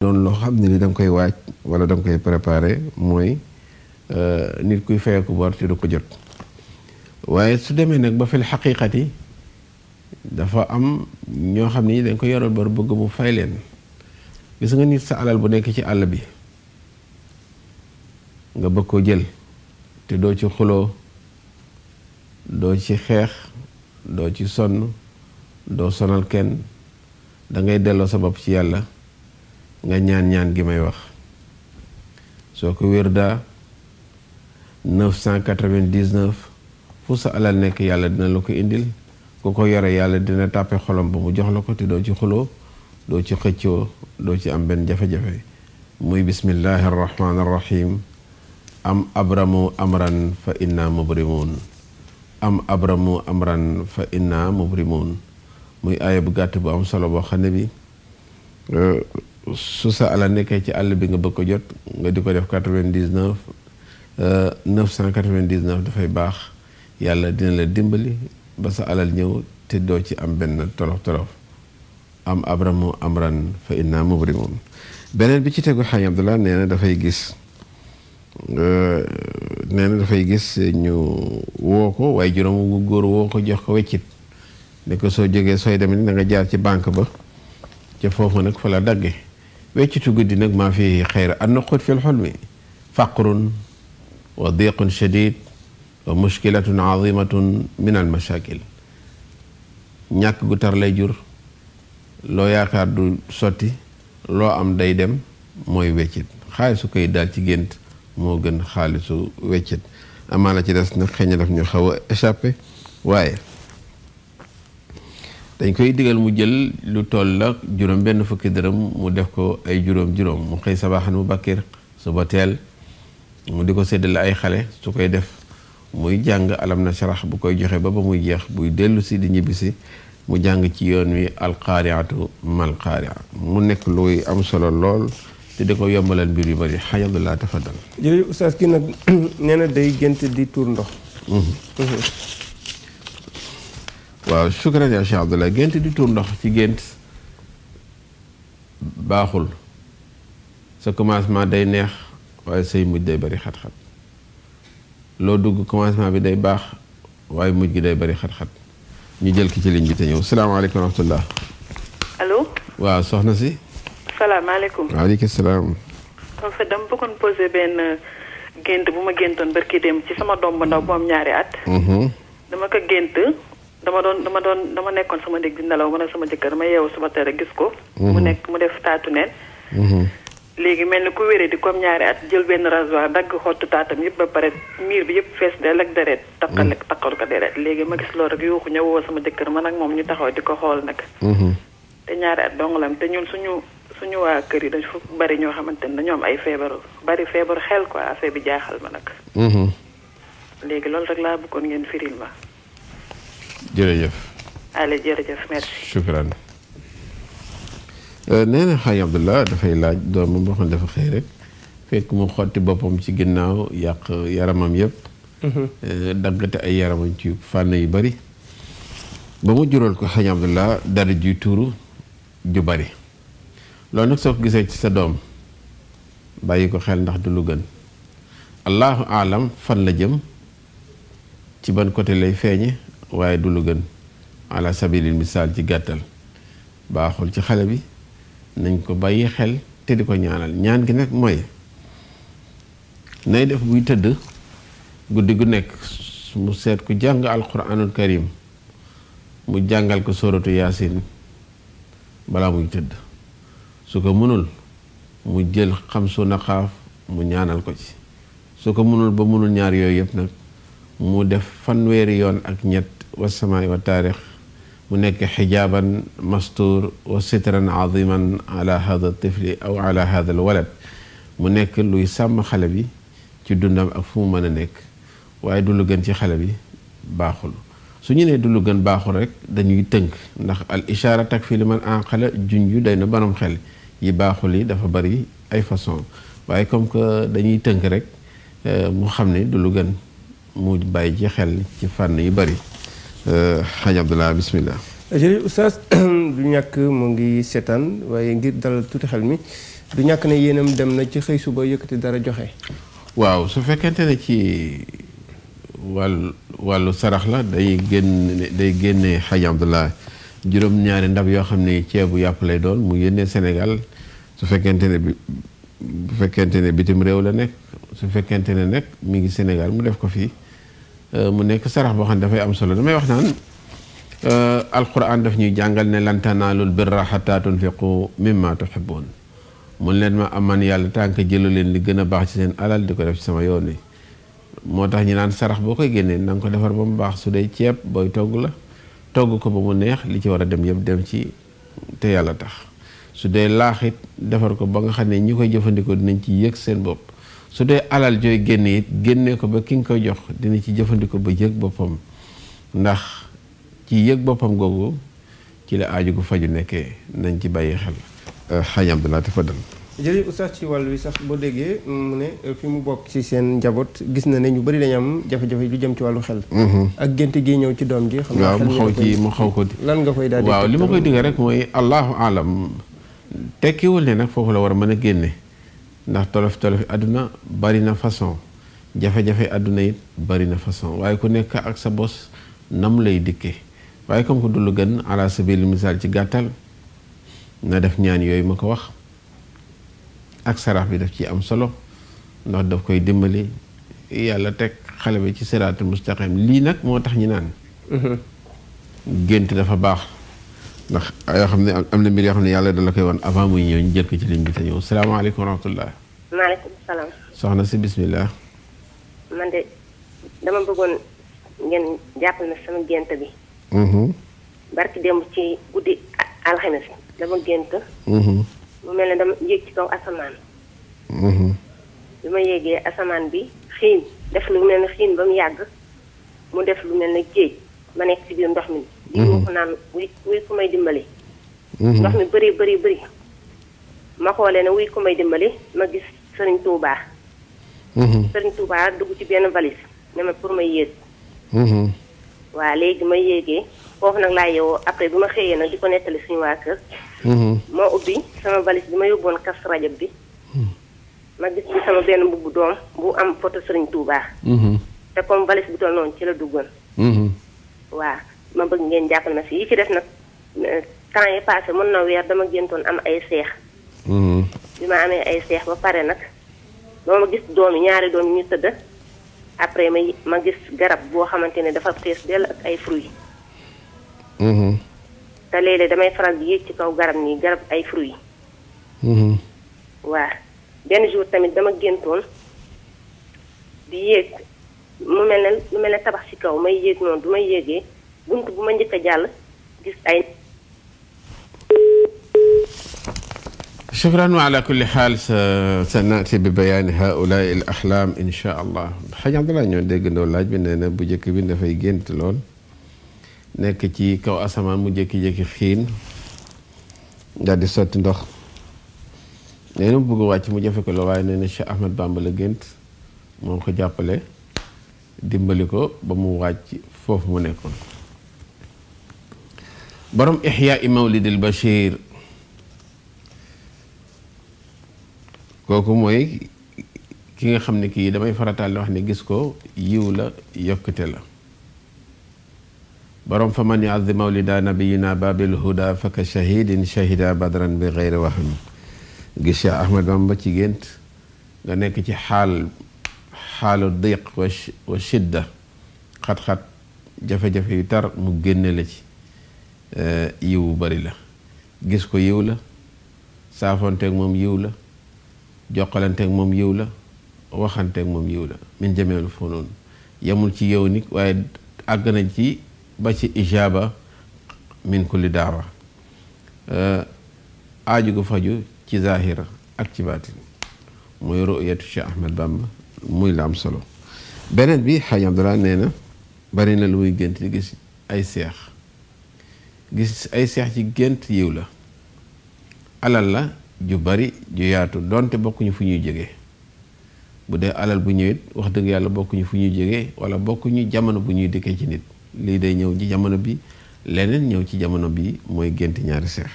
doon loo xam ne ni da koy waaj wala da koy préparé mooy euh, nit kuy fayeku bor te du ko jot waaye su demee nag ba fil xaqiqati dafa am ñoo xam ne dañ ko yoral bor bëgg bu fay leen gis nga nit sa alal bu nekk ci àll bi nga bëgg koo jël te doo ci xuloo doo ci xeex doo ci sonn doo sonal kenn dangay delloo sa bopp ci yàlla nga ñaan-ñaan gi may wax soo ko wér daa 999 fu sa alal nekk yàlla dina la ko indil ku ko yore yàlla dina tàppe xolom ba mu jox la ko te doo ci xuloo doo ci xëccoo doo ci am benn jafe-jafe muy bismillahi arrahmani arrahim am abramu amran fa inna mubrimun am abramu amran fa inna mubrimun muy aaya bu gàtt bu am solo boo xam ne bi euh, su sa alal nekkee ci àll bi nga bëgg ko jot nga di ko def quatre-vingt-dix-neuf euh, neuf cent dafay baax yàlla dina la dimbali ba sa alal ñëw te doo ci am benn tolof tolof am abramu amran fa inna mubrimun beneen bi ci tegu xañ Abdullah nee na dafay gis euh, nee dafay gis ñu woo ko waaye juróom gu góor woo ko jox ko weccit ne ko soo jógee sooy demee ni na jaar ci banque ba ca foofu nag fa la dagge weccitu guddi nag ma fi xeyr an nuqut fi lxulmi faqrun wa diqun shadid wa mushkilatun azimatun min almashakil ñàkk gu tar lay jur loo yaakaar du sotti loo am day dem mooy weccit xaalisu koy daal ci gént moo gën xaalisu weccit la ci des nag xëy daf ñu xaw a échappé waaye dañ koy digal mu jël lu toll la juróom benn fukki dërëm mu def ko ay juróom-juróom mu xëy sabaaxan mu bakkir suba teel mu di ko séddale ay xale su koy def muy jàng alam na sarax bu koy joxe ba ba muy jeex buy dellusi di ñibbisi mu jàng ci yoon wi alqaariatu malqaaria mu nekk luy am solo lool te di ko yombalal mbir yu bëri xayadulaa tafadal jërëjëf oustaz kii nag nee day gént di tuur ndox mhm. Mhm. waaw shukran ya Cheikh Abdoulaye gént di tuur ndox ci gént sa commencement day neex waaye say mujj day bari xat loo dugg commencement bi day baax waaye mujj gi day bari xat ñu jël ki ci ligne bi ñëw salaamaaleykum wa rahmatullah allo soxna si salaam en fait dama bëggoon posé benn euh, gént bu ma géntoon barki dem ci sama doom bu ndaw bu ñaari at mhm. dama ko gént dama doon dama doon dama nekkoon sama néeg nelaw man sama jëkkër ma yeewu suba teel gis ko. mu mhm. nekk mu def taatu neen. Mhm. léegi mel ni ku wéree di comme ñaari at jël benn rasoir dagg xottu taatam yëpp ba pare miir bi yëpp fees dell ak deret. takkal mhm. ak takkal ko deret léegi ma gis loolu rek yuuxu ñëw woo sama jëkkër ma nag moom ñu taxaw di ko xool nag. te ñaari at dong lam te ñun suñu suñu waa kër yi dañu fa bari ñoo xamante ne dañoo ay feebaru bari feebar xel quoi affaire bi jaaxal ma nag. loolu rek laa bëggoon ngeen firil ma. jërëjëf. Allé jërëjëf merci. Euh, dafay laaj doomam boo xam ne dafa xëy rek fekk mu xotti boppam ci ginnaaw yàq yaramam yëpp. Mhm. Euh, daggate ay yaramam ci fànn yu bari. ba mu jural ko xaaj Abdullah dara ju tuuru ju bari loolu nag soo ko gisee ci sa doom bàyyi ko xel ndax du lu gën. allahu alam fan la jëm ci ban côté lay feeñe waaye du lu gën ala sabilil misaal ci gàttal baaxul ci xale bi nañ ko bàyyi xel te di ko ñaanal ñaan gi nag mooy nay def muy tëdd guddi gu nekk mu seet ku jàng alquranul karim mu jàngal ko sóoratu yaasin balaa muy tëdd su ko mënul mu jël xam su naqaaf mu ñaanal ko ci su ko mënul ba mënul ñaar yooyu yëpp nag mu def fanweeri yoon ak ñett wa samaai wa taarix mu nekk xijaaban mastuur wa sitran aziman ala hada tifli aw ala hada alwalad mu nekk luy sàmm xale bi ci dundam ak fu mu mën a nekk waaye du lu gën ci xale bi baaxul su ñu nee du lu gën baaxul rek dañuy tënk ndax al ishaara takfi li man ànqala junju day na borom xel yi baaxul yi dafa bari ay façon waaye comme que dañuy tënk rek eh, mu xam ne du lu gën mu bàyyi ci xel ci fànn yu bari Euh, Hadj Abdallah bismillah. jërëjëf oustaz du ñàkk mu ngi seetaan waaye ngir dalal tuuti xel mi du ñàkk na yéenam dem na ci xëy suba yëkkati dara joxe. waaw su fekkente ne ci wàllu sarax la day génn day génne Hadj Abdallah juróom-ñaari ndab yoo xam ne ceebu yàpp lay doon mu yénnee senegal su fekkente ne bi bu fekkente ne bitim réew la nekk su fekkente ne nekk mi ngi Sénégal mu def ko fii. Euh, mu nekk sarax boo xam ne dafay am solo damay wax naan euh, alquran daf ñuy jàngal ne lan tanaalul birra hatta tunfiqu mimma tuhibbun mun leen ma aman yàlla tànk jëlu leen li gën a baax ci seen alal di ko def ci sama yoon wi moo tax ñu naan sarax boo koy génnee na ko defar ba mu baax su dee ceeb booy togg la togg ko ba mu neex li ci war a dem yëpp dem ci te yàlla tax su dee laaxit defar ko ba nga xam ne ñi koy jëfandikoo dinañ ci yëg seen bopp su dee alal jooy génne it génne ko ba ki nga koy jox dina ci jëfandikoo ba yëg boppam ndax ci yëg boppam googu ci la aaju gu faju nekkee nañ ci bàyyi xel euh, xañ Abdallah tafadal jërëjëf sax ci wàll wi sax boo déggee ne fi mu bokk ci seen njaboot gis na ne ñu bari dañu am jafe-jafe lu jëm ci wàllu xel mhm. ak gént gi ñëw ci doom ji xam nga mu xaw ci mu xaw ko lan nga koy daal di waaw li ma koy digg rek mooy allahu alam tekkiwul ne nag foofu la war a mën a génne ndax tolof tolof àdduna bari na façon jafe-jafe àdduna it bari na façon waaye ku nekk ak sa bos nam lay dikkee waaye comme ko du lu gën ala sabili misaal ci gàttal na def ñaan yooyu ma ko wax ak sarax bi daf ci am solo ndax daf koy dimbali yàlla teg xale bi ci siraatul mustaqim lii nag moo tax ñu naan mhm. gént dafa baax ndax yoo xam ne am na mbir yoo xam ne yàlla dala koy wan avant muy ñëw ñu jël ko ci ligne bi te ñëw salaamaaleykum wa rahmatullah maaleykum salaam. soxna si bismillah. man de dama bëggoon ngeen jàppal na sama gént bi. Mm-hmm. barki démb ci guddi alxames dama gént. Mm-hmm. mu mel ne dama yéeg ci kaw asamaan. Mm-hmm. bi ma yéegee asamaan bi xiin def lu mel ne xiin ba mu yàgg mu def lu mel ne géej ma nekk ci biir ndox mi. lii moo ko naan wuy wuy ku may dimbali. ndox mi bëri bëri bëri. ma xoolee ne wuy ku may dimbali ma gis. Serigne Touba. Mhm. Serigne Touba dugg ci benn valise ne ma pour ma yéeg. Mhm. waa léegi ma yéegee foofu nag laa yeewoo après bi ma xëyee nag di ko nettali suñu kër. Mhm. ma ubbi sama valise bi ma yóbboon kas rajab bi. ma gis bi sama benn mbubb doom bu am photo Serigne Touba. te comme valise bi toll noonu ci la duggoon. waa ma bëgg ngeen jàppale ma si yi ci def nag temps yi passé mën na weer dama géntoon am ay seex. bi ma amee ay seex ba pare nag ba ma gis doom yi ñaari doom yi ñu tëdd après may ma gis garab boo xamante ne dafa fees dell ak ay fruits. Mm-hmm. te léeg damay faral di yéeg ci kaw garab nii garab ay fruits. Mm-hmm. waa benn jour tamit dama géntoon di yéeg mu mel ne mu mel ne tabax ci kaw may yéeg noonu du may yéegee bunt bu ma njëkk jàll gis ay. shukran ala kulli xaal sa sa naati bi bayaani haulaai al axlaam incha allah xaj Abdalaa ñoo déggandoo laaj bi nee na bu njëkk bi dafay gént lool nekk ci kaw asamaan mu jékki-jékki xiin daal di sotti ndox nee na mu bëgg wàcc mu jafe ko la waaye nee na Cheikh Ahmed Bamba la gént moom ko jàppale dimbali ko ba mu wàcc foofu mu nekkoon borom ixyaa i mawlidil Bachir kooku mooy ki nga xam ne kii damay farataal wax ne gis koo yiw la yokkute la borom fa man yuazzi mawlida nabiyina babil huda fa ka shahidin shahida badran bi geyri waham gis Cheikh Ahmad Bamba ci gént nga nekk ci xaal xaalu diq wa shidda xat-xat jafe-jafe yu tar mu génne la ci eh, yiw bu bari la gis ko yiw la saafonteeg moom yiw la jokkalanteeg moom yiw la waxanteeg moom yiw la min jameelu funuun yamul ci yow nit waaye àgg na ci ba ci ijaaba min kulli daawa aaju gu faju ci zahira ak ci baatin muy ru'yatu Cheikh Ahmed Bamba muy la am solo beneen bi xaj Abdallah nee na bari na luy muy gént di gis ay seex gis ay seex ci gént yiw la alal la ju bari ju yaatu donte bokkuñu fu ñuy jóge bu dee alal bu ñëwit wax dëgg yàlla bokkuñu fu ñuy jógee wala bokkuñu jamono bu ñuy dikkee ci nit lii day ñëw ci jamono bi leneen ñëw ci jamono bi mooy gént ñaari seex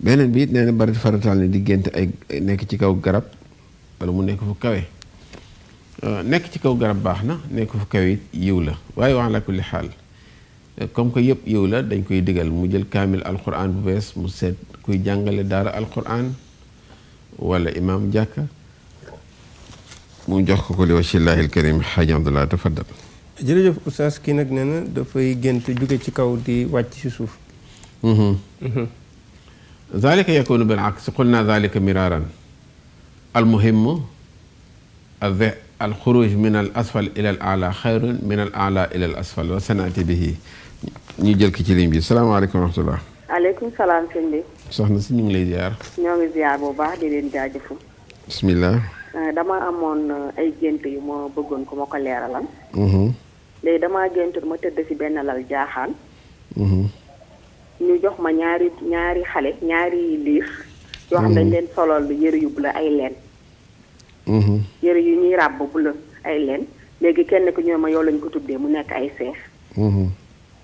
beneen bi it bari farataal ne di gént ay nekk ci kaw garab wala mu nekk fu kawe euh, nekk ci kaw garab baax na nekk fu kawe it yiw la waaye wax la kulli xaal comme que yëpp yow la dañ koy digal mu jël kaamil alquran bu bees mu seet kuy jàngale daara alquran wala imaam jàkka mu jox ko ko li wasillahi alkarim xaaji abdullah tafaddal jërëjëf oustaz kii nag nee na dafay gént jóge ci kaw di wàcc si suuf mhm. mhm. zalika yakunu bil aks qul naa zalika miraaran almuhimu alxuruj min al asfal ila al ala xayrun min al ala ila al asfal wa sanaati bihi ñu jël ki ci ligne bi salaamaaleykum wa salaam sëñ bi. soxna si ñu lay ziar. ñoo ngi ziar bu baax di leen jaajëfal. bisimilah. Euh, dama amoon euh, ay gént yu ma bëggoon ko ma ko leeralal. Mm-hmm. léegi dama géntul ma tëdd ci benn lal jaaxaan. Mm-hmm. ñu jox ma ñaari ñaari xale ñaari liir. yoo xam dañ mm-hmm. leen solol lu yëre yu bula ay leen. yëre yu ñuy ràbb bula ay leen léegi kenn ku ñëw ma yow lañ ko tuddee mu nekk ay seex.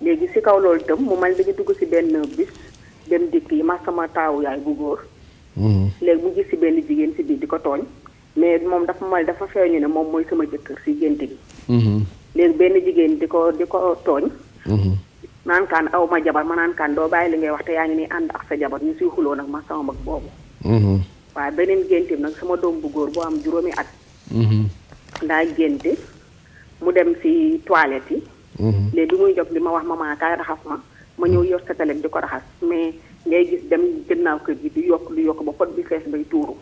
léegi si kaw loolu itam mu mel dañu dugg si benn bis dem dikk yi ma sama taawu yaay bu góor. Mm-hmm. léegi mu gis si benn jigéen si biir di ko tooñ. mais moom dafa mel dafa feeñu ne moom mooy sama jëkkër si génte gi. Mm-hmm. léegi benn jigéen di ko di ko tooñ. Mm-hmm. naan kaan aw ma jabar ma naan kaan doo bàyyi li ngay wax te yaa ngi nii ànd ak sa jabar ñu siy xuloo nag ma sama mag boobu. waaye beneen géntim nag sama doom bu góor bu am juróomi at. daa génte mu dem si toilette yi. Mm-hmm. léegi bi muy jóg di ma wax ma maman kaay raxas ma ma ñëw yor sa sataleet di ko raxas mais ngay gis dem gannaaw kër gi di yokk di yokk ba pot bi fees bay tuuru